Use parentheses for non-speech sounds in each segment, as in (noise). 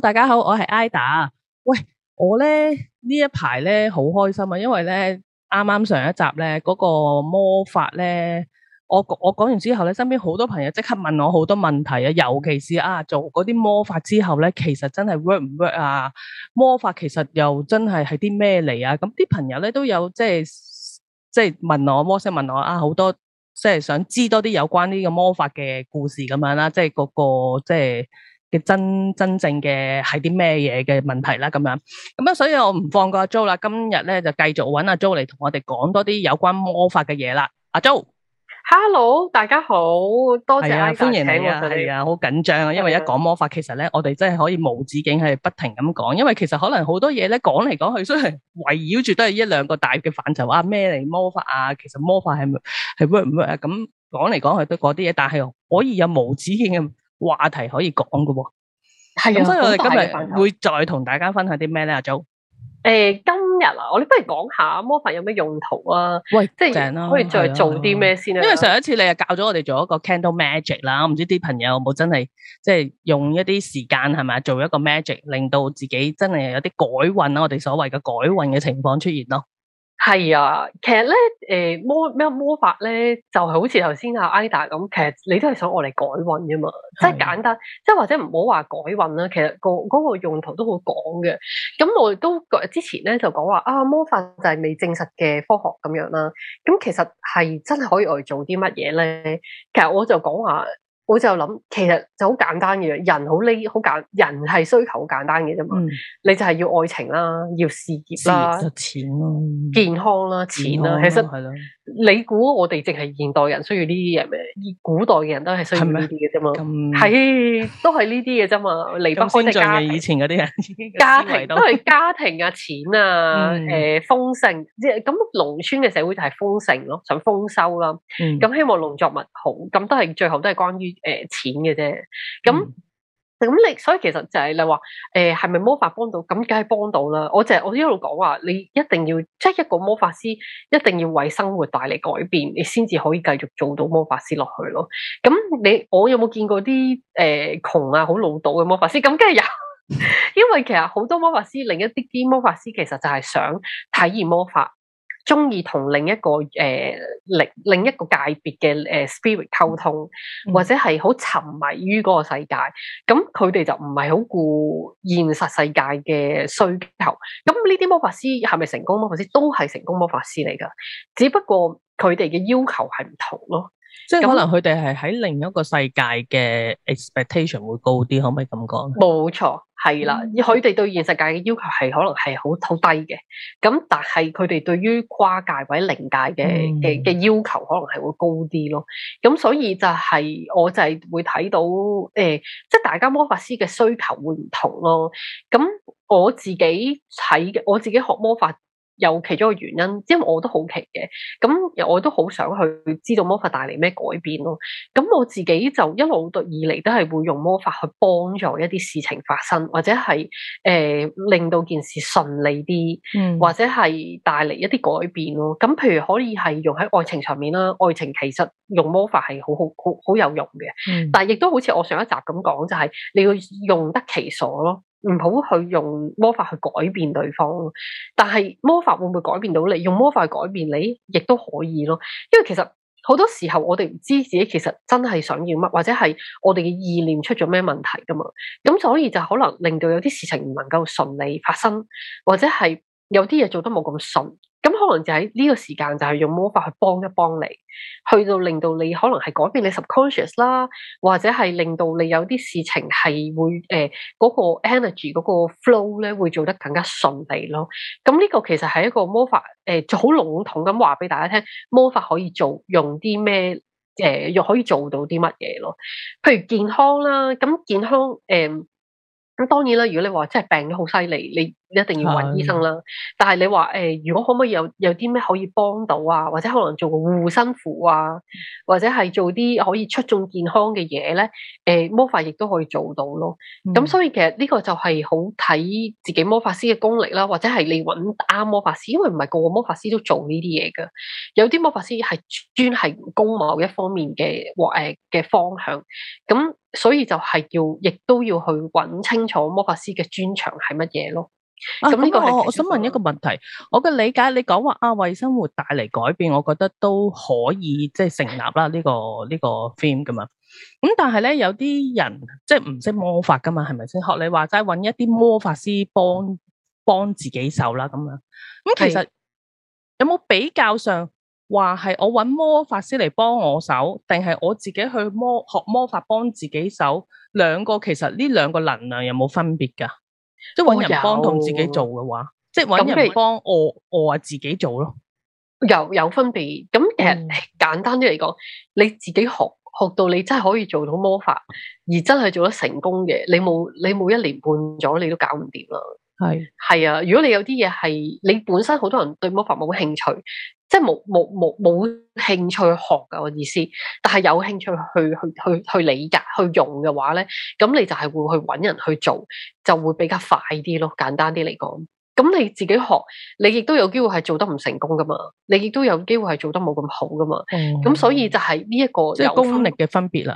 大家好，我係 Ada。喂，我咧，呢一排咧好開心啊，因為咧啱啱上一集咧嗰個魔法咧，我我講完之後咧，身邊好多朋友即刻問我好多問題啊，尤其是啊做嗰啲魔法之後咧，其實真係 work 唔 work 啊？魔法其實又真係係啲咩嚟啊？咁啲朋友咧都有即係即係問我，摩西問我啊，好多即係想知多啲有關呢個魔法嘅故事咁樣啦，啊，即係嗰個即係。真真正嘅係啲咩嘢嘅問題啦？咁樣咁樣，所以我唔放過阿 Jo 啦。今日咧就繼續揾阿 Jo 嚟同我哋講多啲有關魔法嘅嘢啦。阿 Jo，Hello，大家好多謝啊，歡迎你啊，係啊，好緊張啊，因為一講魔法，其實咧我哋真係可以無止境係不停咁講，因為其實可能好多嘢咧講嚟講去，雖然圍繞住都係一兩個大嘅範疇啊，咩嚟魔法啊，其實魔法係咪係 work 唔 work 啊？咁講嚟講去都嗰啲嘢，但係可以有無止境嘅。話題可以講噶喎，係咁，所以我哋今日會再同大家分享啲咩咧，阿 Jo。誒，今日啊，我哋不如講下魔法有咩用途啊？喂，即係可以再做啲咩先咧？因為上一次你又教咗我哋做一個 candle magic 啦，我唔知啲朋友有冇真係即係用一啲時間係咪啊，做一個 magic，令到自己真係有啲改運啊，我哋所謂嘅改運嘅情況出現咯。係啊，其實咧，誒魔咩魔法咧，就係、是、好似頭先阿 Ida 咁，其實你都係想我嚟改運噶嘛，是的 即係簡單，即係或者唔好話改運啦，其實、那個、那個用途都好廣嘅。咁我哋都之前咧就講話啊，魔法就係未證實嘅科學咁樣啦。咁其實係真係可以我嚟做啲乜嘢咧？其實我就講話。我就諗，其實就好簡單嘅人好呢，好簡，人係需求好簡單嘅啫嘛。嗯、你就係要愛情啦，要事業啦，錢咯，健康啦，錢啦。其實係咯，嗯、你估我哋淨係現代人需要呢啲嘢咩？古代嘅人都係需要呢啲嘅啫嘛。係都係呢啲嘅啫嘛，離不開家。以前嗰啲人， (laughs) 家庭都係家庭啊，錢啊，誒、嗯，豐盛。即係咁，農村嘅社會就係豐盛咯，想豐收啦。咁、嗯、希望農作物好，咁都係最後都係關於。誒，錢嘅啫，咁咁你，所以其實就係你話，誒係咪魔法幫到？咁梗係幫到啦。我就係、是、我一路講話，你一定要即係、就是、一個魔法師，一定要為生活帶嚟改變，你先至可以繼續做到魔法師落去咯。咁你我有冇見過啲誒窮啊好老土嘅魔法師？咁梗係有， (laughs) 因為其實好多魔法師，另一啲啲魔法師其實就係想體驗魔法。中意同另一個誒另、呃、另一個界別嘅誒 spirit 溝通，或者係好沉迷於嗰個世界，咁佢哋就唔係好顧現實世界嘅需求。咁呢啲魔法師係咪成功魔法師？都係成功魔法師嚟噶，只不過佢哋嘅要求係唔同咯。即係可能佢哋係喺另一個世界嘅 expectation 會高啲，可唔可以咁講？冇錯，係啦，佢哋、嗯、對現實界嘅要求係可能係好好低嘅，咁但係佢哋對於跨界或者靈界嘅嘅嘅要求可能係會高啲咯。咁、嗯、所以就係我就係會睇到誒，即、呃、係、就是、大家魔法師嘅需求會唔同咯。咁我自己睇嘅，我自己學魔法，有其中一個原因，因為我都好奇嘅，咁我都好想去知道魔法帶嚟咩改變咯。咁我自己就一路以嚟都係會用魔法去幫助一啲事情發生，或者係誒、呃、令到件事順利啲，或者係帶嚟一啲改變咯。咁譬如可以係用喺愛情上面啦，愛情其實用魔法係好好好好有用嘅，嗯、但係亦都好似我上一集咁講，就係、是、你要用得其所咯。唔好去用魔法去改變對方，但係魔法會唔會改變到你？用魔法去改變你，亦都可以咯。因為其實好多時候，我哋唔知自己其實真係想要乜，或者係我哋嘅意念出咗咩問題㗎嘛。咁所以就可能令到有啲事情唔能夠順利發生，或者係有啲嘢做得冇咁順。咁可能就喺呢個時間就係用魔法去幫一幫你，去到令到你可能係改變你 subconscious 啦，或者係令到你有啲事情係會誒嗰、呃那個 energy 嗰個 flow 咧，會做得更加順利咯。咁呢個其實係一個魔法誒，就、呃、好籠統咁話俾大家聽，魔法可以做用啲咩誒，又可以做到啲乜嘢咯？譬如健康啦，咁健康誒咁、呃、當然啦，如果你話真係病得好犀利你。一定要揾醫生啦。但係你話誒、呃，如果可唔可以有有啲咩可以幫到啊？或者可能做個護身符啊？或者係做啲可以促進健康嘅嘢咧？誒、呃，魔法亦都可以做到咯。咁、嗯、所以其實呢個就係好睇自己魔法師嘅功力啦，或者係你揾啱魔法師，因為唔係個個魔法師都做呢啲嘢噶。有啲魔法師係專係攻某一方面嘅或誒嘅方向。咁所以就係要亦都要去揾清楚魔法師嘅專長係乜嘢咯。咁呢個，啊、我想問一個問題。啊、我嘅理解，你講話啊，為生活帶嚟改變，我覺得都可以即係成立啦。呢、呢個呢、呢個 theme 噶嘛。咁但係咧，有啲人即係唔識魔法噶嘛，係咪先學你話齋，搵一啲魔法師幫幫自己手啦咁樣。咁其實有冇比較上話係我搵魔法師嚟幫我手，定係我自己去魔學魔法幫自己手？兩個其實呢兩個能量有冇分別噶？即係搵人幫同自己做嘅話，有即係搵人幫，如我我話自己做咯，有有分別。咁其實簡單啲嚟講，嗯、你自己學學到你真係可以做到魔法，而真係做得成功嘅，你冇你冇一年半載，你都搞唔掂啦。係係是啊，如果你有啲嘢係你本身好多人對魔法冇興趣。即係冇冇冇冇興趣學噶我意思，但係有興趣去去去去理解去用嘅話咧，咁你就係會去揾人去做，就會比較快啲咯。簡單啲嚟講，咁你自己學，你亦都有機會係做得唔成功噶嘛，你亦都有機會係做得冇咁好噶嘛。咁、嗯、所以就係呢一個有即係功力嘅分別啦。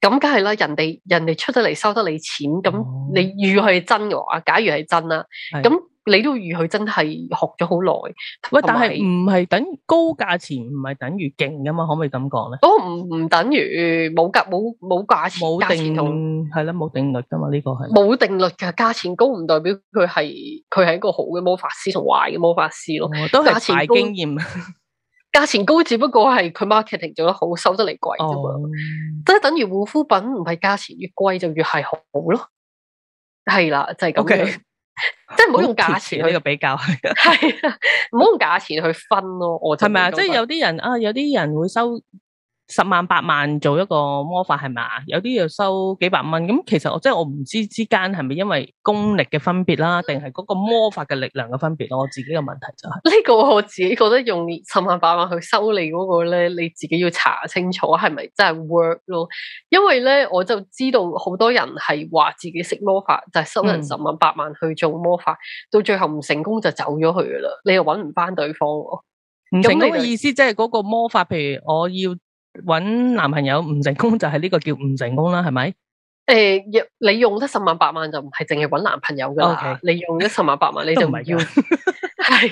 咁梗係啦，人哋人哋出得嚟收得你錢，咁你預佢係真嘅話，假如係真啦，咁、嗯。那你都預佢真係學咗好耐，喂！但係唔係等高價錢唔係等於勁噶嘛？可唔可以咁講咧？都唔唔等於冇價冇冇價錢定價錢同係啦，冇定律噶嘛？呢個係冇定律噶，價錢高唔代表佢係佢係一個好嘅魔法師同壞嘅魔法師咯。哦、都係經驗價錢高，價錢高只不過係佢 marketing 做得好，收得嚟貴啫嘛。即係、哦、等於護膚品唔係價錢越貴就越係好咯。係啦、哦，就係咁嘅。即係唔好用價錢去、呢個比較，係 (laughs) 啊，唔好用價錢去分咯、哦，係咪啊？ (laughs) 即係有啲人啊，有啲人會收。十萬八萬做一個魔法係咪呀？有啲又收幾百蚊咁，其實我即係我唔知之間係咪因為功力嘅分別啦，定係嗰個魔法嘅力量嘅分別咯？我自己嘅問題就係、是、呢個我自己覺得用十萬八萬去修理嗰個咧，你自己要查清楚係咪真係 work 咯？因為咧我就知道好多人係話自己識魔法就係、是、收人十萬八萬去做魔法，嗯、到最後唔成功就走咗去噶啦，你又揾唔翻對方。咁嗰個意思即係嗰個魔法，譬如我要。搵男朋友唔成功就係呢個叫唔成功啦，係咪？誒、欸，用你用得十萬八萬就唔係淨係搵男朋友噶啦，Okay. 你用咗十萬八萬你就唔係用，係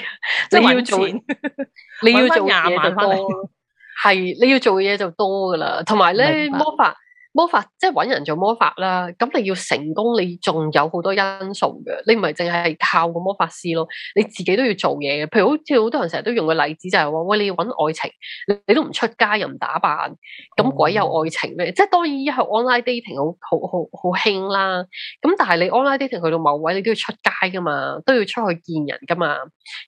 你要做 (laughs) 你要做廿萬就多，係 (laughs) 你要做嘅嘢就多噶啦，同埋咧魔法。魔法即係搵人做魔法啦，咁你要成功，你仲有好多因素嘅，你唔係淨係靠個魔法師咯，你自己都要做嘢嘅。譬如好似好多人成日都用個例子就係、是、話，喂，你要搵愛情，你都唔出街，又唔打扮，咁鬼有愛情咩？嗯、即係當然而家 online dating 好好好好興啦，咁但係你 online dating 去到某位，你都要出街㗎嘛，都要出去見人㗎嘛。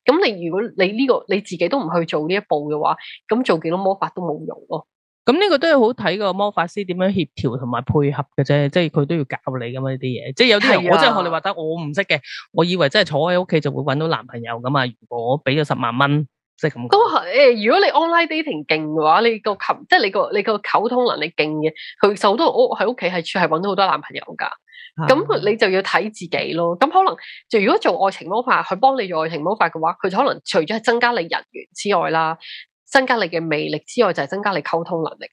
咁你如果你呢、這個你自己都唔去做呢一步嘅話，咁做幾多魔法都冇用咯。咁呢、嗯這個都係好睇，個魔法師點樣協調同埋配合嘅啫，即係佢都要教你噶嘛，呢啲嘢。即係有啲人我真係學你話，得我唔識嘅，我以為真係坐喺屋企就會揾到男朋友噶嘛，如果俾咗十萬蚊，即係咁。都係、呃，如果你 online dating 勁嘅話，你個琴即係你，你個你個溝通能力勁嘅，佢就好屋喺屋企係係揾到好多男朋友噶。咁佢你就要睇自己咯。咁可能就如果做愛情魔法，佢幫你做愛情魔法嘅話，佢可能除咗係增加你人緣之外啦。增加你嘅魅力之外，就係增加你溝通能力，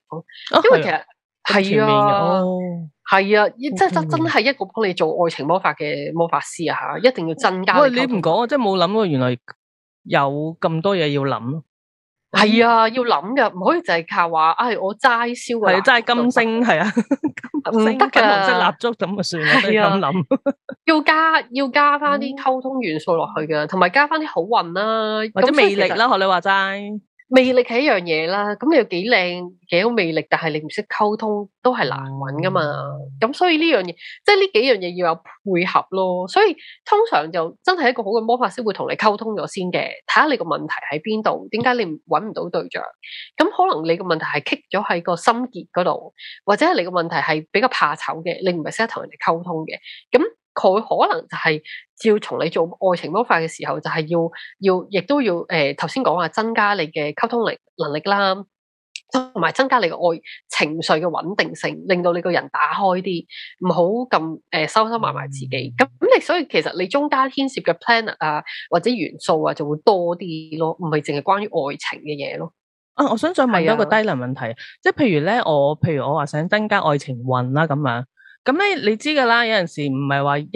因為其實係啊，係啊，真真真係一個幫你做愛情魔法嘅魔法師啊！吓，一定要增加。喂，你唔講我真係冇諗過，原來有咁多嘢要諗咯。係啊，要諗嘅，唔可以就係靠話。哎，我齋燒係齋金星，係啊，唔得嘅金紅色蠟燭咁啊，算啦，都係咁諗。要加要加翻啲溝通元素落去嘅，同埋加翻啲好運啦，或者魅力啦，學你話齋。魅力係一樣嘢啦，咁你有幾靚，幾有魅力，但係你唔識溝通，都係難搵噶嘛。咁所以呢樣嘢，即係呢幾樣嘢要有配合咯。所以通常就真係一個好嘅魔法師會同你溝通咗先嘅，睇下你個問題喺邊度，點解你搵唔到對象？咁可能你個問題係棘咗喺個心結嗰度，或者係你個問題係比較怕醜嘅，你唔係識得同人哋溝通嘅，咁。佢可能就係、是、照從你做愛情魔法嘅時候，就係、是、要要亦都要誒，頭先講話增加你嘅溝通力能力啦，同埋增加你嘅愛情緒嘅穩定性，令到你個人打開啲，唔好咁誒收收埋埋自己。咁咁、嗯、你所以其實你中間牽涉嘅 planet 啊或者元素啊就會多啲咯，唔係淨係關於愛情嘅嘢咯。啊，我想再問一個低能問題，的即係譬如咧，我譬如我話想增加愛情運啦，咁樣。咁咧，你知噶啦，有陣時唔係話一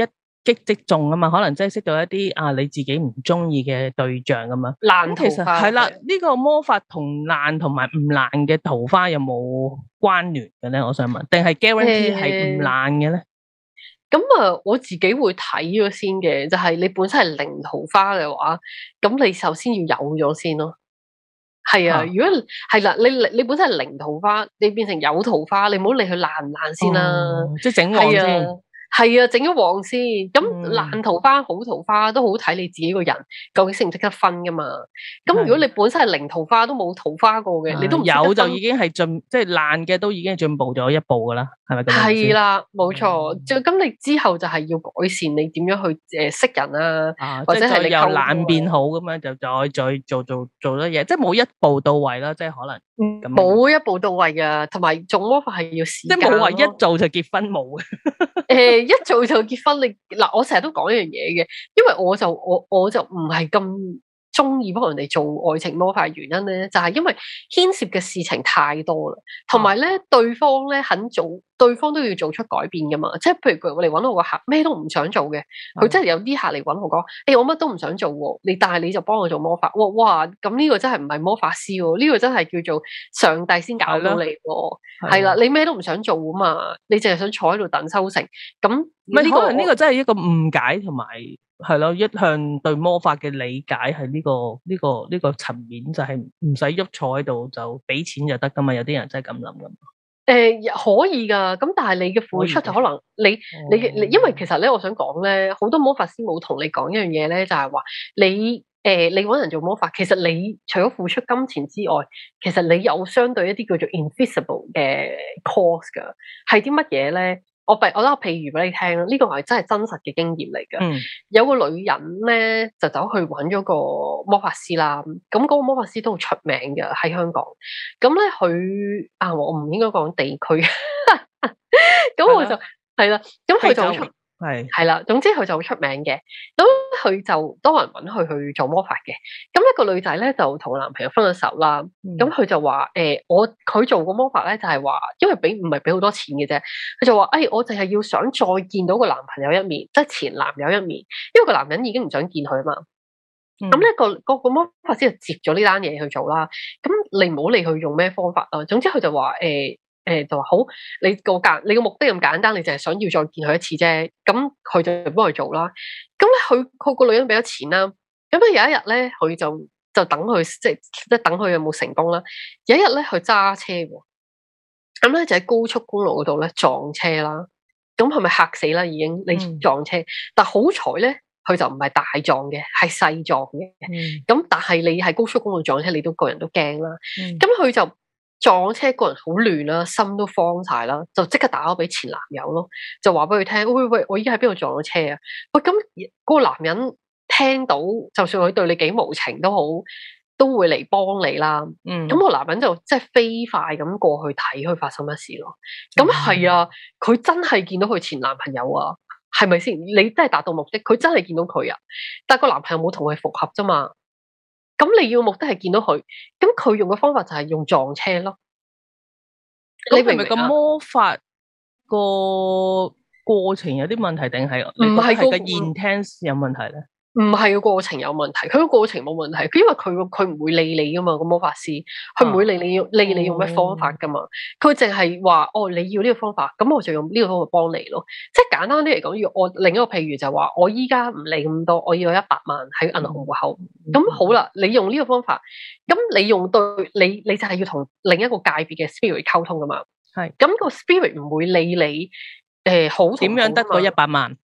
擊即中啊嘛，可能真係識到一啲啊你自己唔中意嘅對象咁嘛。爛桃花。其實係啦，呢個魔法同爛同埋唔爛嘅桃花有冇關聯嘅咧？我想問，定係 guarantee 係唔爛嘅咧？咁啊，我自己會睇咗先嘅，就係你本身係零桃花嘅話，咁你首先要有咗先咯。係啊，啊如果係啦，啊，你你本身係零桃花，你變成有桃花，你唔好理佢爛唔爛先啦，啊嗯，即係整旺先。係啊，整咗旺先，咁爛桃花好桃花都好睇你自己個人究竟識唔識得分噶嘛？咁是如果你本身係零桃花都冇桃花過嘅，是你都有就已經係進即係爛嘅都已經係進步咗一步噶啦，係咪咁？係啦，啊，冇錯。咁你，嗯，之後就係要改善你點樣去誒，識人啊，或者係你由爛變好咁樣就再再做做做咗嘢，即係冇一步到位啦，即係可能冇一步到位噶，同埋做魔法係要時間，即係冇話一做就結婚冇誒。 (laughs) 一早就結婚，你嗱，我成日都講一樣嘢嘅，因為我就我我就唔係咁。中意幫人哋做愛情魔法原因咧，就係因為牽涉嘅事情太多啦，同埋咧對方咧肯做，對方都要做出改變噶嘛。即係譬如我哋搵到個客，咩都唔想做嘅，佢是的 真係有啲客嚟搵我講，誒，我乜都唔想做，你但係你就幫我做魔法，哇哇，咁呢個真係唔係魔法師喎，呢個真係叫做上帝先搞到你，係啦，你咩都唔想做啊嘛，你淨係想坐喺度等收成，咁唔係你可能呢個真係一個誤解同埋。係咯，一向對魔法嘅理解喺呢個呢個呢個層面就係唔使喐，坐喺度就俾錢就得噶嘛。有啲人真係咁諗噶。誒，可以噶。咁但係你嘅付出就可能你你、嗯、你，因為其實咧，我想講咧，好多魔法師冇同你講一樣嘢咧，就係話你誒、呃、你揾人做魔法，其實你除咗付出金錢之外，其實你有相對一啲叫做 invisible 嘅 cost 噶，係啲乜嘢咧？我，我譬，我攞譬如俾你聽呢、呢個係真係真實嘅經驗嚟噶。嗯、有個女人咧，就走去揾咗個魔法師啦。咁嗰個魔法師都好出名嘅喺香港。咁咧佢啊，我唔應該講地區。咁 (laughs) 我就係啦，咁佢的就出係係啦。總之佢就好出名嘅。咁。佢就多人揾佢去做魔法嘅，咁、那、一個女仔咧就同男朋友分咗手啦，咁佢就話誒、欸，我佢做個魔法咧就係、是、話，因為俾唔係俾好多錢嘅啫，佢就話誒、欸，我淨係要想再見到個男朋友一面，即係前男友一面，因為個男人已經唔想見佢啊嘛。咁呢、嗯那個個魔法師就接咗呢單嘢去做啦，咁你唔好理佢用咩方法啦，總之佢就話誒。欸誒、呃，就話好，你個簡，你個目的咁簡單，你就係想要再見佢一次啫。咁佢就幫佢做啦。咁咧，佢佢個女人俾咗錢啦。咁咧有一日咧，佢就就等佢，即係即係等佢有冇成功啦。有一日咧，佢揸車，咁咧就喺高速公路嗰度咧撞車啦。咁係咪吓死啦？已經你撞車，嗯、但好彩咧，佢就唔係大撞嘅，係細撞嘅。咁、嗯、但係你喺高速公路撞車，你都個人都驚啦。咁佢、嗯、就。撞車，個人好亂啦，心都慌晒啦，就即刻打咗俾前男友咯，就話俾佢聽：喂喂，我依家喺邊度撞咗車啊！喂，咁個男人聽到，就算佢對你幾無情都好，都會嚟幫你啦。嗯，咁個男人就即係飛快咁過去睇佢發生乜事咯。咁係啊，佢、嗯、真係見到佢前男朋友啊，係咪先？你真係達到目的，佢真係見到佢啊，但係個男朋友冇同佢復合啫嘛。咁你要目的係見到佢，咁佢用嘅方法就係用撞車咯。你明唔明啊？個魔法個過程有啲問題定係唔係個 intense 有問題咧？唔係個過程有問題，佢個過程冇問題。佢因為佢佢唔會理你噶嘛，個魔法師，佢唔會理你用、啊、理你用咩方法噶嘛。佢淨係話哦，你要呢個方法，咁我就用呢個方法幫你咯。即係簡單啲嚟講，要我另一個譬如就話，我依家唔理咁多，我要有一百萬喺銀行戶口。咁、嗯嗯、好啦，你用呢個方法，咁你用對你你就係要同另一個界別嘅 spirit 溝通噶嘛。係是，咁個 spirit 唔會理你誒、呃，好點樣得嗰一百萬？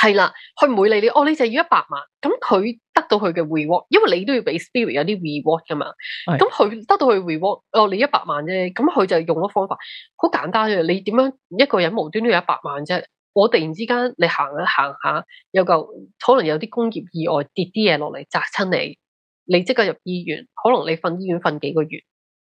係啦，佢唔會理你。哦，你就要一百萬。咁佢得到佢嘅 reward，因為你都要俾 spirit 有啲 reward 噶嘛。咁佢的得到佢 reward，哦，你一百萬啫。咁佢就用咗方法，好簡單啫。你點樣一個人無端都有一百萬啫？我突然之間你行啊行下，有個，可能有啲工業意外跌啲嘢落嚟砸親你，你即刻入醫院，可能你瞓醫院瞓幾個月。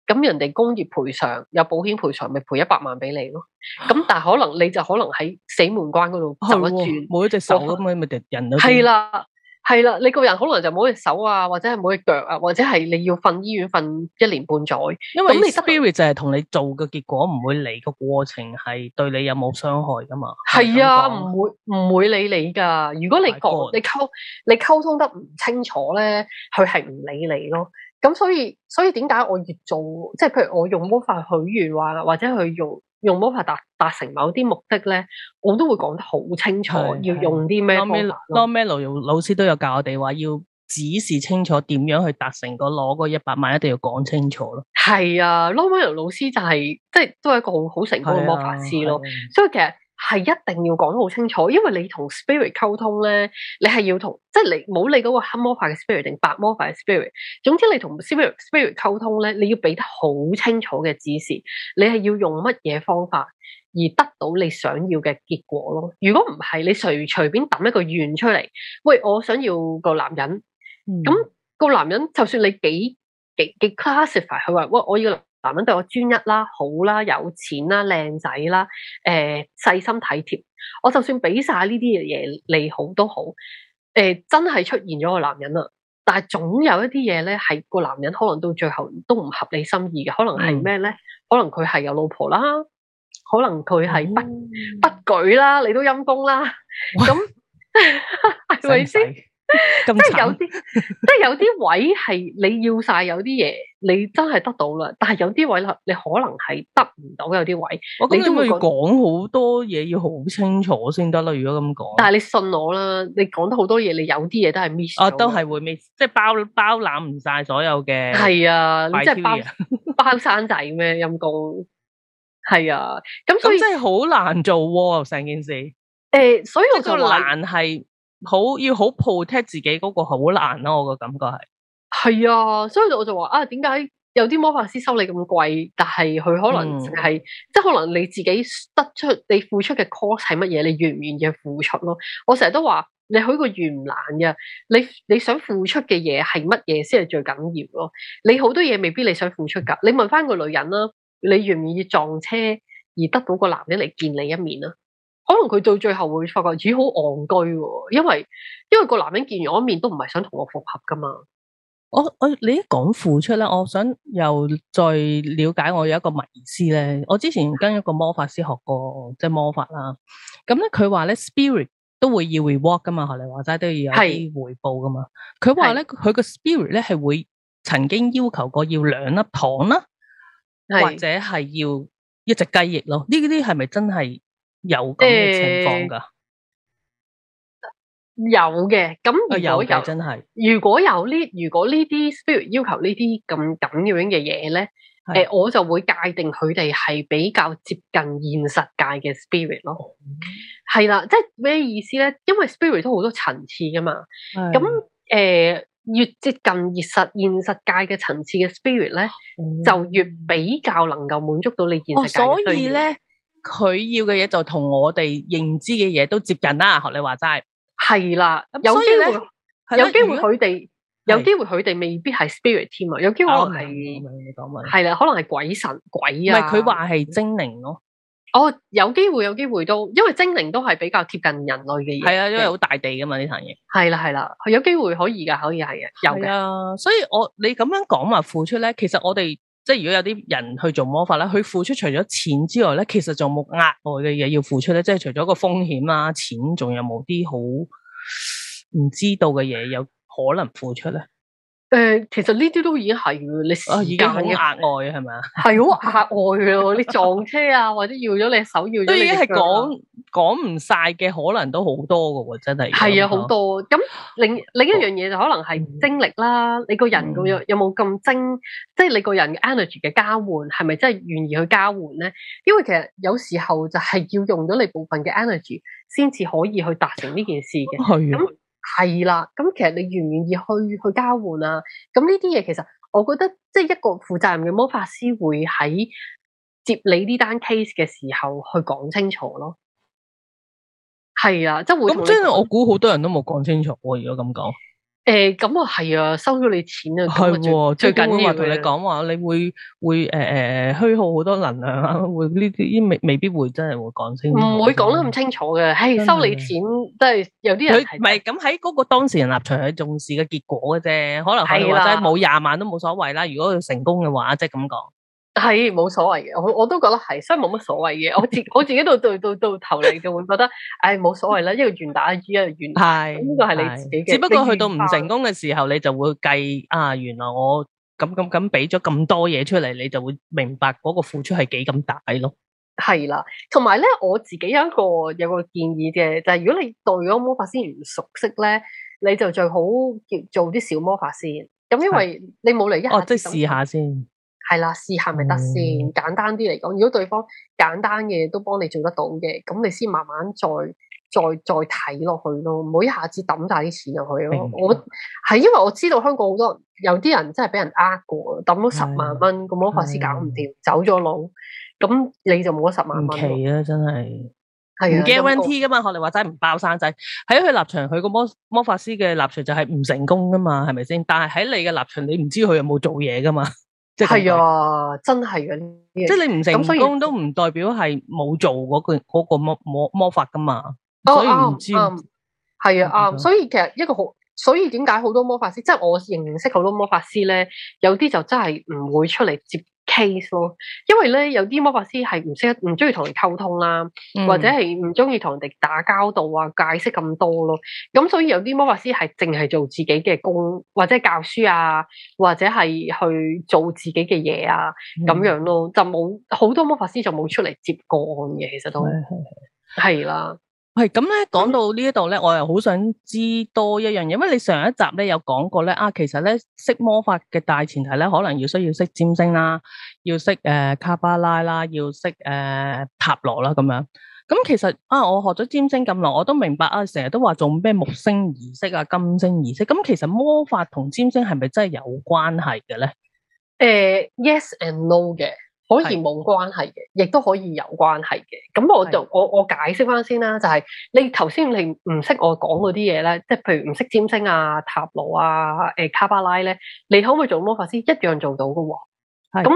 咁人哋工業賠償有保險賠償，咪賠一百萬俾你咯？咁但係可能你就可能喺死門關嗰度走一轉，冇一隻手咁咪咪人係啦，係啦，你個人可能就冇一隻手啊，或者係冇一隻腳啊，或者係你要瞓醫院瞓一年半載。咁你 spirit 就係同你做嘅結果，唔會理個過程係對你有冇傷害噶嘛？係啊，唔會唔會理你噶。如果你講你溝你溝通得唔清楚咧，佢係唔理你咯。咁所以，所以點解我越做，即係譬如我用魔法許願話，或者去用用魔法達達成某啲目的咧，我都會講得好清楚，要用啲咩 Lawman Liu 老師都有教我哋話，要指示清楚點樣去達成個攞嗰一百萬，一定要講清楚咯。係啊。Lawman Liu 老師就係、是、即係都係一個好成功嘅魔法師咯。所以其實。係一定要講得好清楚，因為你同 spirit 溝通咧，你係要同即係你冇理嗰個黑魔法嘅 spirit 定白魔法嘅 spirit，總之你同 spirit spirit 溝通咧，你要俾得好清楚嘅指示，你係要用乜嘢方法而得到你想要嘅結果咯。如果唔係，你隨隨便抌一個願出嚟，喂，我想要個男人，咁、嗯、個男人就算你幾。極幾，幾 classify，佢話，喂，我依個男人對我專一啦、好啦、有錢啦、靚仔啦、誒、呃、細心體貼，我就算俾晒呢啲嘢你好都好，誒、呃、真係出現咗個男人啦，但係總有一啲嘢咧，係個男人可能到最後都唔合你心意嘅，可能係咩咧？嗯、可能佢係有老婆啦，可能佢係不不、嗯、舉啦，你都陰功啦，咁係咪先？ (laughs) 嗎即係有啲，即係有啲位係你要晒，有啲嘢你真係得到啦。但係有啲位咧，你可能係得唔到。有啲位，我咁都會講好多嘢，要好清楚先得啦。如果咁講，但係你信我啦，你講得好多嘢，你有啲嘢都係 miss 啊，都係會 miss，即係包包攬唔晒所有嘅。係啊，即係包包生仔咩？陰功？係啊，咁所以真係好難做成件事。誒，所以我就難係。好要好 protect 自己，嗰，那個好難咯，啊，我個感覺係係啊，所以我就話啊，點解有啲魔法師收你咁貴，但係佢可能淨係，嗯，即係可能你自己得出你付出嘅 cost 係乜嘢，你願唔願意付出咯？我成日都話，你許個願唔難嘅，你你想付出嘅嘢係乜嘢先係最緊要咯？你好多嘢未必你想付出噶，你問翻個女人啦，你願唔願意撞車而得到個男人嚟見你一面啦？可能佢到最，最後會發覺自己好戇居，因為因為個男人見完我面都唔係想同我復合噶嘛。我我你一講付出咧，我想又再了解我有一個迷思咧。我之前跟一個魔法師學過即係魔法啦。咁咧佢話咧 spirit 都會要 reward 噶嘛，係咪話齋都要有啲回報噶嘛？佢話咧佢個 spirit 咧係會曾經要求過要兩粒糖啦，或者係要一隻雞翼咯。呢啲係咪真係？有咁嘅情況噶、呃，有嘅。咁如果有、呃、有真係，如果有呢？如果呢啲 spirit 要求這這要呢啲咁咁樣嘅嘢咧，誒是、呃，我就會界定佢哋係比較接近現實界嘅 spirit 咯。係啦、嗯，即係咩意思咧？因為 spirit 都好多層次噶嘛。咁誒是，嗯、越接近現實現實界嘅層次嘅 spirit 咧，就越比較能夠滿足到你現實界嘅需要。嗯哦所以呢佢要嘅嘢，就同我哋認知嘅嘢都接近啦，學你話齋，係啦，有機會有機會，佢哋有機會佢哋未必係 spirit 添啊，有機會係係啦，可能係鬼神鬼啊，係佢話係精靈咯。哦，有機會有機會都，因為精靈都係比較貼近人類嘅嘢，係啊，因為好大地噶嘛呢層嘢，係啦係啦，有機會可以噶，可以係啊。有噶。所以我你咁樣講話付出咧，其實我哋。即係如果有啲人去做魔法咧，佢付出除咗錢之外咧，其實仲有冇額外嘅嘢要付出咧？即係除咗個風險啦，錢仲有冇啲好唔知道嘅嘢有可能付出咧？誒，其實呢啲都已經係你時間好額外，係咪啊？係好額外嘅，你撞車啊，或者要咗你手要咗你都已經係講講唔晒嘅，可能都好多㗎喎，真係。係啊，好多。咁另另一樣嘢就可能係精力啦，嗯、你個人嘅有有冇咁精？嗯、即係你個人嘅 energy 嘅交換，係咪真係願意去交換咧？因為其實有時候就係要用咗你部分嘅 energy 先至可以去達成呢件事嘅。係啊、嗯。係啦，咁其實你願唔願意去去交換啊？咁呢啲嘢其實我覺得，即係一個負責任嘅魔法師會喺接你呢單 case 嘅時候去講清楚咯。係啊，即係會咁，真係我估好多人都冇講清楚啊。如果咁講。誒，咁啊係啊，收咗你錢啊，係最緊要嘅。話同你講話，你會會誒誒虛耗好多能量，會呢啲未未必會真係會講清楚。唔會講得咁清楚嘅，嗯，係的收你錢，即係有啲人佢唔係咁喺嗰個當事人立場去重視嘅結果嘅啫，可能係話即係冇廿萬都冇所謂啦。如果佢成功嘅話，即係咁講。係冇所謂嘅，我我都覺得係，所以冇乜所謂嘅。我自我自己都到到到頭嚟，就會覺得，誒，冇所謂啦，一個願打啊，一個願。係。呢個係你自己嘅。只不過去到唔成功嘅時候，你就會計啊，原來我咁咁咁俾咗咁多嘢出嚟，你就會明白嗰個付出係幾咁大咯。係啦，同埋咧，我自己有一個有個建議嘅，就係如果你對嗰個魔法先唔熟悉咧，你就最好要、啊、做啲小魔法先。咁因為你冇嚟一哦，即係試下先。係啦，試下咪得先。嗯、簡單啲嚟講，如果對方簡單嘅都幫你做得到嘅，咁你先慢慢再再再睇落去咯，唔好一下子抌晒啲錢入去咯。白我係因為我知道香港好多人有啲人真係俾人呃過，抌咗十萬蚊，咁的魔法師搞唔掂，的走咗了路，咁你就冇咗十萬蚊了。唔奇啊，真係唔 guarantee 噶嘛？學你話齋唔包生仔，喺佢立場，佢個魔魔法師嘅立場就係唔成功噶嘛，係咪先？但係喺你嘅立場，你唔知佢有冇做嘢噶嘛。即係啊，真係啊！即係你唔成功，所以都唔代表係冇做嗰句，嗰個魔魔魔法噶嘛，所以唔知係啊啊！所以其實一個好，所以點解好多魔法師，即係我認認識好多魔法師咧，有啲就真係唔會出嚟接。case 咯，因為咧有啲魔法師係唔識得唔中意同人溝通啦、啊，嗯、或者係唔中意同人哋打交道啊，解釋咁多咯。咁所以有啲魔法師係淨係做自己嘅工，或者教書啊，或者係去做自己嘅嘢啊，咁、嗯、樣咯，就冇好多魔法師就冇出嚟接個案嘅，其實都係啦。係咁咧，講、嗯、到呢一度咧，我又好想知多一樣嘢，因為你上一集咧有講過咧，啊，其實咧識魔法嘅大前提咧，可能要需要識占星啦，要識誒、呃、卡巴拉啦，要識誒、呃、塔羅啦咁樣。咁、嗯、其實啊，我學咗占星咁耐，我都明白啊，成日都話做咩木星儀式啊、金星儀式，咁、嗯、其實魔法同占星係咪真係有關係嘅咧？誒、呃、yes and no 嘅。可以冇關係嘅，亦都可以有關係嘅。咁我就的我我解釋返先啦，就係、是、你頭先你唔識我講嗰啲嘢咧，即係譬如唔識占星啊、塔羅啊、誒、呃、卡巴拉咧，你可唔可以做魔法師？一樣做到噶、哦。咁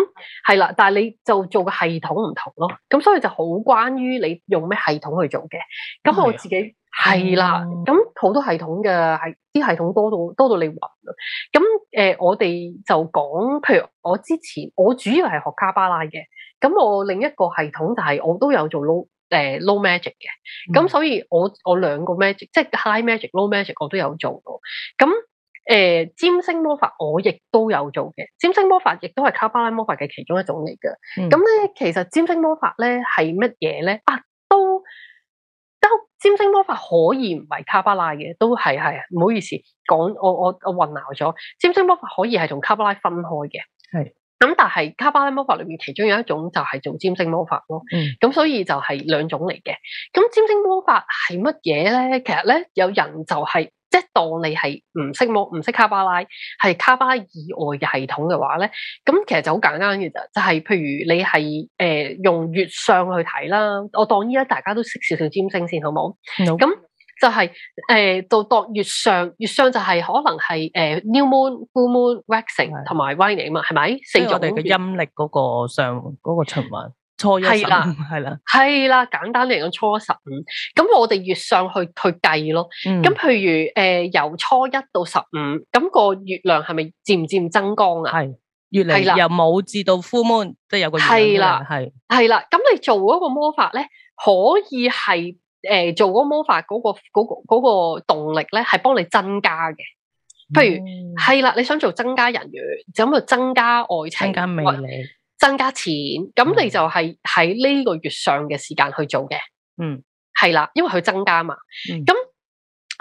係啦，但係你就做個系統唔同咯。咁所以就好關於你用咩系統去做嘅。咁我自己。係啦，咁好多系統嘅，係啲系統多到多到你暈咁誒，我哋就講，譬如我之前我主要係學卡巴拉嘅，咁我另一個系統就係、是、我都有做 low 誒、呃、low magic 嘅。咁所以我我兩個 magic 即係 high magic low magic 我都有做過。咁誒，占、呃、星魔法我亦都有做嘅。占星魔法亦都係卡巴拉魔法嘅其中一種嚟嘅。咁咧、嗯，其實占星魔法咧係乜嘢咧？啊！占星魔法可以唔係卡巴拉嘅，都係係，唔好意思，講我我我混淆咗。占星魔法可以係同卡巴拉分開嘅，係。咁但係卡巴拉魔法裏面其中有一種就係做占星魔法咯，嗯。咁所以就係兩種嚟嘅。咁占星魔法係乜嘢咧？其實咧，有人就係。即係當你係唔識摩唔識卡巴拉，係卡巴拉以外嘅系統嘅話咧，咁其實就好簡單嘅就係、是，譬如你係誒、呃、用月相去睇啦。我當依家大家都識少少占星先，好冇？好。咁、嗯、就係誒到當月相，月相就係可能係誒、呃、new moon、full moon ing, 的、waxing 同埋 waning 啊嘛，係咪？因為我哋嘅陰曆嗰個相嗰個循環。初一係啦，係啦，係啦，簡單嚟講，初一十五，咁我哋越上去去計咯。咁譬如誒，由初一到十五，咁個月亮係咪漸漸增光啊？係，越嚟越增光，由冇至到 full moon，即係有個係啦，係係啦。咁你做嗰個魔法咧，可以係誒做嗰個魔法嗰個嗰個嗰個動力咧，係幫你增加嘅。譬如係啦，你想做增加人緣，就咁度增加愛情，加魅力。增加錢，咁你就係喺呢個月上嘅時間去做嘅。嗯，係啦，因為佢增加嘛，咁、嗯、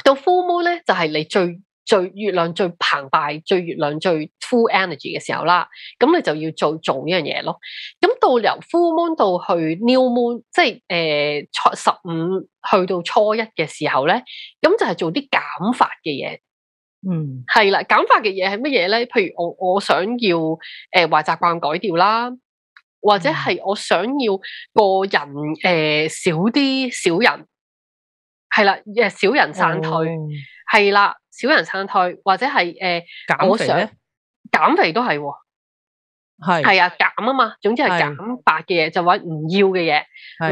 到 full moon 咧就係、是、你最最月亮最澎湃、最月亮最 full energy 嘅時候啦，咁你就要做做呢樣嘢咯。咁到由 full moon 到去 new moon，即係誒初十五去到初一嘅時候咧，咁就係做啲減法嘅嘢。嗯，係啦，減法嘅嘢係乜嘢咧？譬如我我想要誒，壞習慣改掉啦，或者係我想要個人誒、呃、少啲小人，係啦，誒小人散退，係啦，小人散退、嗯、退，或者係誒、呃、減肥咧，減肥都係，係係啊，減啊嘛，總之係減法嘅嘢，的就話唔要嘅嘢，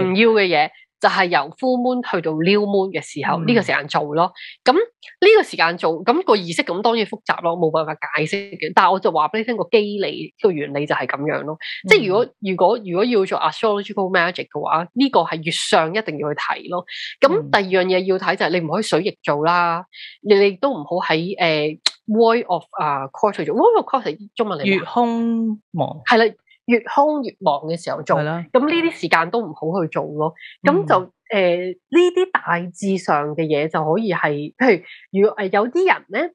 唔要嘅嘢。就係由 full moon 去到 new moon 嘅時候呢、嗯、個時間做咯，咁呢個時間做咁個儀式咁當然複雜咯，冇辦法解釋嘅。但係我就話俾你聽、個機理個原理就係咁樣咯，嗯、即係如果如果如果要做 astrological magic 嘅話呢、呢個係月相一定要去睇咯。咁第二樣嘢要睇就係你唔可以水逆做啦，你你都唔好喺誒 void of 啊、uh, course 做，我 course 啲中文嚟，月空望。係咧。越空越忙嘅時候做，咁呢啲時間都唔好去做咯。咁、嗯、就誒呢啲大致上嘅嘢，就可以係，譬如如誒、呃、有啲人咧，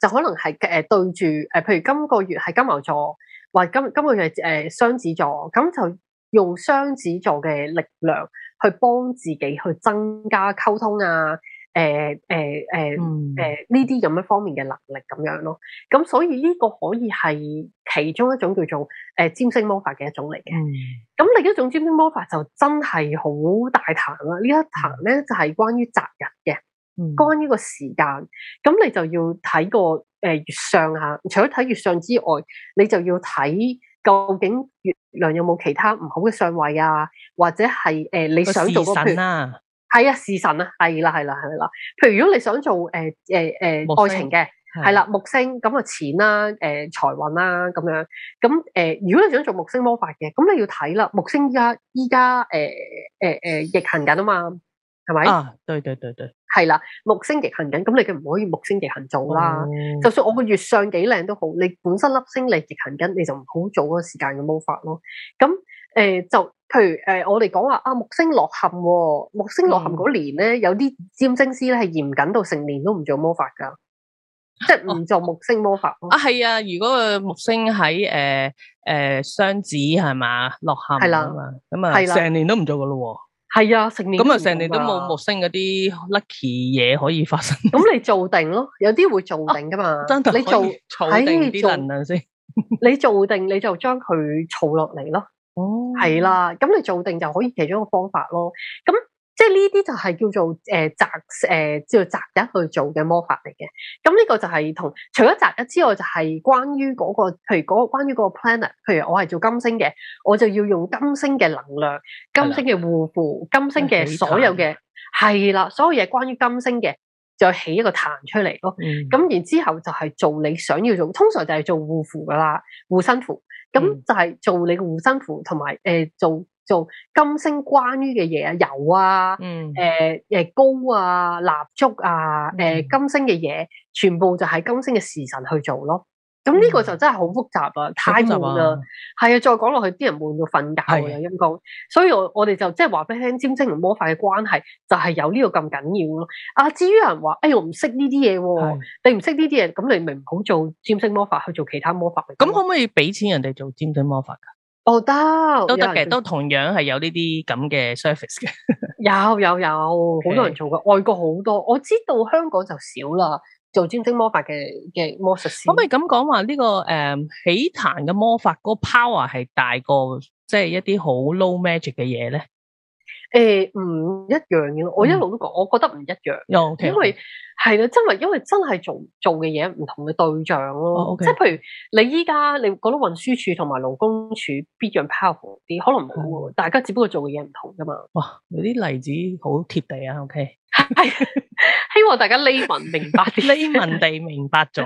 就可能係誒、呃、對住誒，譬如今個月係金牛座，或今今個月係誒雙、呃、子座，咁就用雙子座嘅力量去幫自己去增加溝通啊。誒誒誒誒呢啲咁樣方面嘅能力咁樣咯，咁所以呢個可以係其中一種叫做誒、呃、占星魔法嘅一種嚟嘅。咁、嗯、另一種占星魔法就真係好大談啦。一呢一談咧就係、是、關於擇日嘅，關於個時間。咁你就要睇個誒、呃、月相吓、啊，除咗睇月相之外，你就要睇究竟月亮有冇其他唔好嘅相位啊，或者係誒、呃、你想做嗰篇係啊，時辰啊，係啦，係啦，係啦。譬如如果你想做誒誒誒愛情嘅，係啦的木星咁啊錢啦，誒、呃、財運啦、啊、咁樣。咁誒、呃，如果你想做木星魔法嘅，咁你要睇啦。木星依家依家誒誒誒逆行緊啊嘛，係咪？啊，對對對對，係啦，木星逆行緊，咁你就唔可以木星逆行做啦。嗯、就算我個月相幾靚都好，你本身粒星你逆行緊，你就唔好做嗰個時間嘅魔法咯。咁誒、呃、就。呃就譬如誒，我哋講話啊，木星落陷，木星落陷嗰年咧，有啲占星師咧係嚴謹到成年都唔做魔法噶，即係唔做木星魔法。啊，係啊！如果木星喺誒誒雙子係嘛，落陷啦嘛，咁啊成年都唔做噶咯。係啊，成年咁啊，成年都冇木星嗰啲 lucky 嘢可以發生。咁你做定咯，有啲會做定噶嘛？你做，睇啲能量先。你做定，你就將佢儲落嚟咯。係啦，咁你做定就可以其中一個方法咯。咁即係呢啲就係叫做誒擇誒叫擇日去做嘅魔法嚟嘅。咁呢個就係同除咗擇日之外，就係關於嗰、那個，譬如嗰、那個關於個 planet，譬如我係做金星嘅，我就要用金星嘅能量、金星嘅護符、金星嘅所有嘅係啦，所有嘢關於金星嘅，再起一個壇出嚟咯。咁、嗯、然之後就係做你想要做，通常就係做護符噶啦，護身符。咁就係做你個護身符，同埋誒做做金星關於嘅嘢啊，油啊，誒誒膏啊，蠟燭啊，誒、呃、金星嘅嘢，全部就係金星嘅時辰去做咯。咁呢、嗯、個就真係好複雜啦、啊，太悶啦，係啊，再講落去啲人悶到瞓覺又陰公，所以的我我哋就即係話俾你聽占星同魔法嘅關係就係有呢個咁緊要咯。啊，至於人話，哎，我唔識呢啲嘢，的你唔識呢啲嘢，咁你咪唔好做占星魔法去做其他魔法，魔法。咁、嗯、可唔可以俾錢人哋做占星魔法噶？哦，得都得行嘅，都同樣係有呢啲咁嘅 service 嘅，有有有，好 Okay. 多人做噶，外國好多，我知道香港就少啦。做尖精魔法嘅嘅魔術師，可唔可以咁講話呢個誒起壇嘅魔法嗰個 power 係大過即係、就是、一啲好 low magic 嘅嘢咧？誒、呃，唔一樣嘅，我一路都講，嗯、我覺得唔一樣，哦、okay，因為係啦，真係因為真係做做嘅嘢唔同嘅對象咯、啊。即係、哦 okay、譬如你依家你覺得運輸署同埋勞工處，必樣 power 啲，可能冇，哦、大家只不過做嘅嘢唔同噶嘛。哇，有啲例子好貼地啊！O K。Okay。係 (laughs) 希望大家 l 文明白啲 (laughs) l 文地明白咗。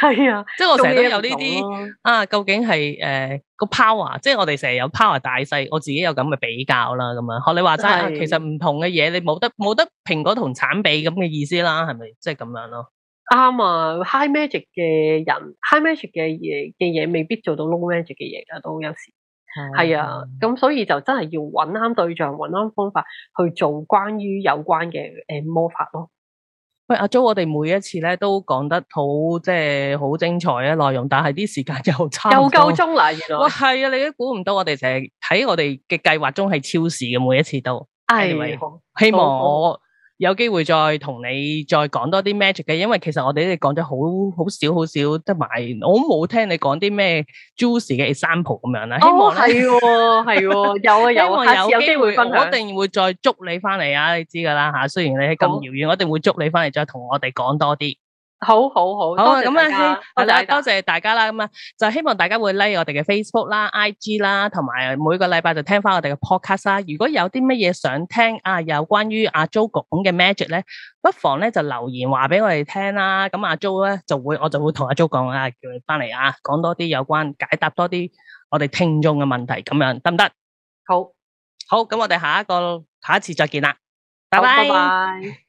係啊，即係我成日都有呢啲啊,啊，究竟係誒個 power，即係我哋成日有 power 大細，我自己有咁嘅比較啦，咁是、就是、啊，學你話齋，其實唔同嘅嘢你冇得冇得蘋果同橙比咁嘅意思啦，係咪？即係咁樣咯。啱啊，high magic 嘅人，high magic 嘅嘢嘅嘢未必做到 low magic 嘅嘢啊，都有時。係啊，咁所以就真係要揾啱對象，揾啱方法去做關於有關嘅誒魔法咯。喂，阿 Jo，我哋每一次咧都講得好，即係好精彩嘅內容，但係啲時間又差又夠鐘啦，原來喂，係啊！你都估唔到，我哋成日喺我哋嘅計劃中係超時嘅，每一次都係，anyway, 希望我。有機會再同你再講多啲 magic 嘅，因為其實我哋都講咗好好少好少，同埋我冇聽你講啲咩 juicy 嘅 example 咁樣啦。希望哦，係喎、哦，係喎、哦，有啊有啊， (laughs) 有機會，會分享我一定會再捉你翻嚟啊！你知噶啦吓，雖然你喺咁遙遠，哦、我一定會捉你翻嚟再同我哋講多啲。好好好，好咁啊先，多謝大家啦。咁啊，就希望大家會 like 我哋嘅 Facebook 啦、IG 啦，同埋每個禮拜就聽翻我哋嘅 Podcast 啦。如果有啲乜嘢想聽啊，有關於阿 Jo 講嘅 magic 咧，不妨咧就留言話俾我哋聽啦。咁阿 Jo 咧就會，我就會同阿 Jo 講啊，叫你翻嚟啊，講多啲有關解答多啲我哋聽眾嘅問題，咁樣得唔得？好，好，咁我哋下一個，下一次再見啦，拜拜拜拜。